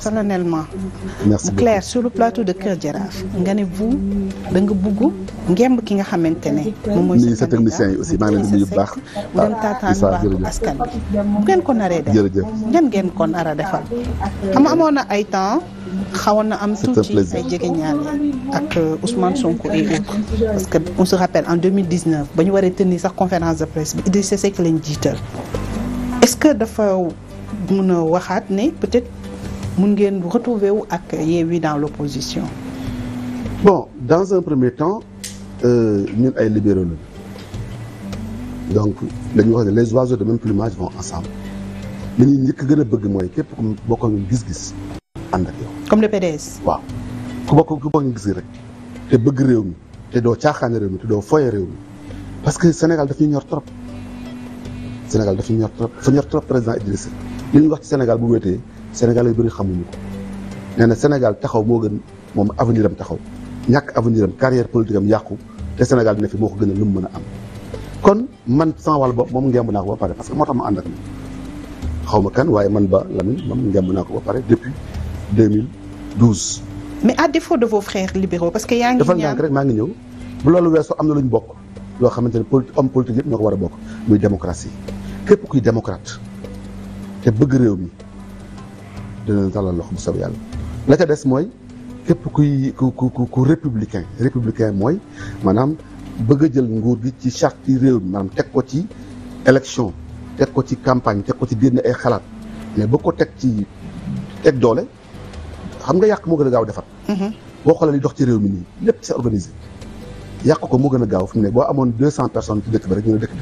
solennellement mu clair sur le plateau de Kër Jaraaf nga ne vous da nga bugg ngemb ki nga xamante ne moom mooy sa technicien yi aussi maa ngi leen di nuyu bu baax askan bi bu ngeen ko naree def jërëjëf ngeen ngeen ko nar a defal xam amoon na ay temps xawoon na am tuuti ay jegeñaale ak euh, Ousmane Sonko et autres parce que on se rappelle en ba ñu waree tenir sax conférence de presse bi Idrissa Seck lañ jiital est-ce que dafa mën a waxaat ne peut mun ngeen retrouver wu ak Yewwi dans l'opposition bon dans un premier temps euh, ñun ay libéraux lañu donc dañuy wax ne les oiseaux de même plumage vont ensemble li ñuy njëkk gën a bëgg mooy képp ku bokk ak gis-gis ànd ak yow. comme le PDS. waaw ku bokk ku bokk gis-gis rek te bëgg réew mi te doo caaxaan réew mi te doo foyee réew mi parce que Sénégal daf ñu ñor trop Sénégal daf ñu ñor trop dafa ñor trop président Idrissa li ñuy wax ci Sénégal bu wéetee. Sénégal yu bëri xamuñu ko nee na Sénégal taxaw moo gën moom avenir am taxaw ñàkk avenir am carrière politique am yàqu te Sénégal dina fi moo ko gën a lu mu mën a am. kon man sama wàll ba moom ngemb naa ko ba pare parce que moo tax ma ànd ak kan waaye man ba Lamine moom ngemb naa ko ba pare depuis 2012. mais à défaut de vos frères libéraux parce que yaa ngi defal maa ngi ñëw bu loolu weesoo am na lu ñu bokk loo xamante ne politi homme politique yëpp ñoo ko war a bokk muy démocratie képp kuy démocrate te bëgg réew mi. dinañ tàllal loxo bu soobee yàlla la ca des mooy képp kuy ku ku ku républicain républicain mooy maanaam bëgg a jël nguur gi ci charte réew mi maanaam teg ko ci élection teg ko ci campagne teg ko ci génn ay xalaat mais bëgg ko teg ci teg doole xam nga yàq moo gën a gaaw defar. Mhm. boo xoolee dox ci réew mi nii lépp c'est organisé yàq ko moo gën a gaaw fi mu ne boo amoon deux cent personnes ci dëkk ba rek ñu ne dëkk bi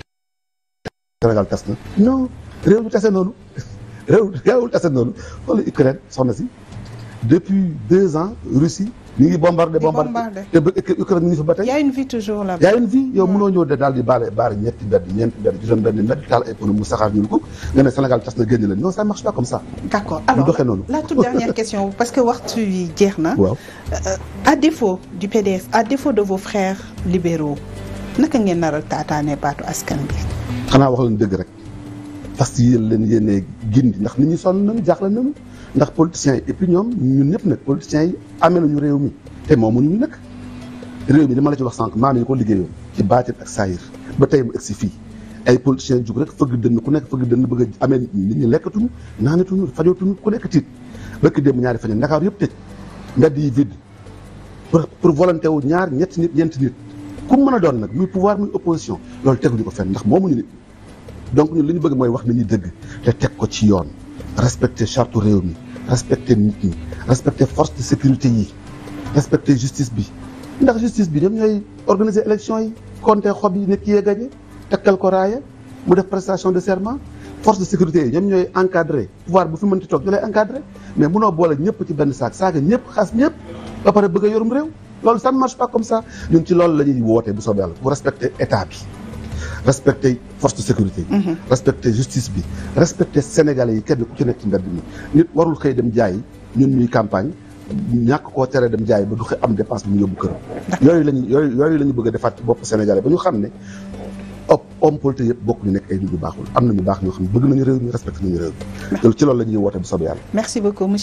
Sénégal tas na non réew mi tase noonu. réew réewul aset noonu wala Ukraine soxna si depuis deux ans Russie ñu ngi bombardé bombardé te ba Ukraine ñu ngi fa ba tey. y a une vie toujours là. y a une vie yow mënoo ñëw de daal di baale baare ñetti mbedd ñeenti mbedd juróom benn mbedd taal ay pono mu saxaar ñu ko nga ne Sénégal tas na génn leen non ça marche pas comme ça. d' alors la toute dernière question parce que waxtu yi jeex na. Euh, à défaut du PDS à défaut de vos frères libéraux naka ngeen nar a taataanee baatu askan xanaa wax leen dëgg rek. parce que yéen leen yéenee gindi ndax nit ñi sonn nañu jaaxle nañu ndax politiciens yi et puis ñoom ñun ñëpp nag politiciens yi amee nañu réew mi te moomu ñu nag réew mi dama la ci wax sànq maa nañu ko liggéeyoon ci baatin ak saayir ba tey mu egg fii ay politiciens jug rek fëgg dënn ku nekk fëgg dënn bëgg a amee nit ñi lekkatuñu naanatuñu fajootuñu ku nekk tiit bëkk démb ñaari fañe Ndakaaru yëpp tëj mbedd yi vide pour pour volonté wu ñaar ñetti nit ñeenti nit mën doon nag muy pouvoir muy opposition loolu teguñu ko fenn ndax moomuñu nit donc ñun li ñu bëgg mooy wax nañu dëgg te teg ko ci yoon respecter charte réew mi respecter nit ñi respecter force de sécurité yi respecter justice bi ndax justice bi ñoom ñooy organiser élection yi compter xob yi ne kii yee gagné takkal ko raaya mu def prestation de serment force de sécurité yi ñoom ñooy encadré pouvoir bu fi mënti toog ñu lay encadré mais munoo boole ñëpp ci benn saak saaga ñëpp xas ñëpp ba pare bëgg a yorum réew loolu ça ne marche pas comme ça ñun ci loolu ñuy woote bu soobee yàlla bu respecter état respecter force de sécurité yi mhm. respecter justice bi respecter sénégalais yi kenn ku ci nekk ci mbedd mi nit warul xëy dem jaay ñun ñuy campagne ñàkk koo tere dem jaay ba du am dépense bi mu yóbbu këram yooyu lañu la bëgg a defaat ci bopp sénégalais ba ñu xam ne op homme politique yëpp bokk ñu nekk ay nit ñu baaxul am na ñu baax ñoo xam ne bëgg nañu réew mi respecté nañu réew mi ci loolu la ñuy woote bu soobee yàlla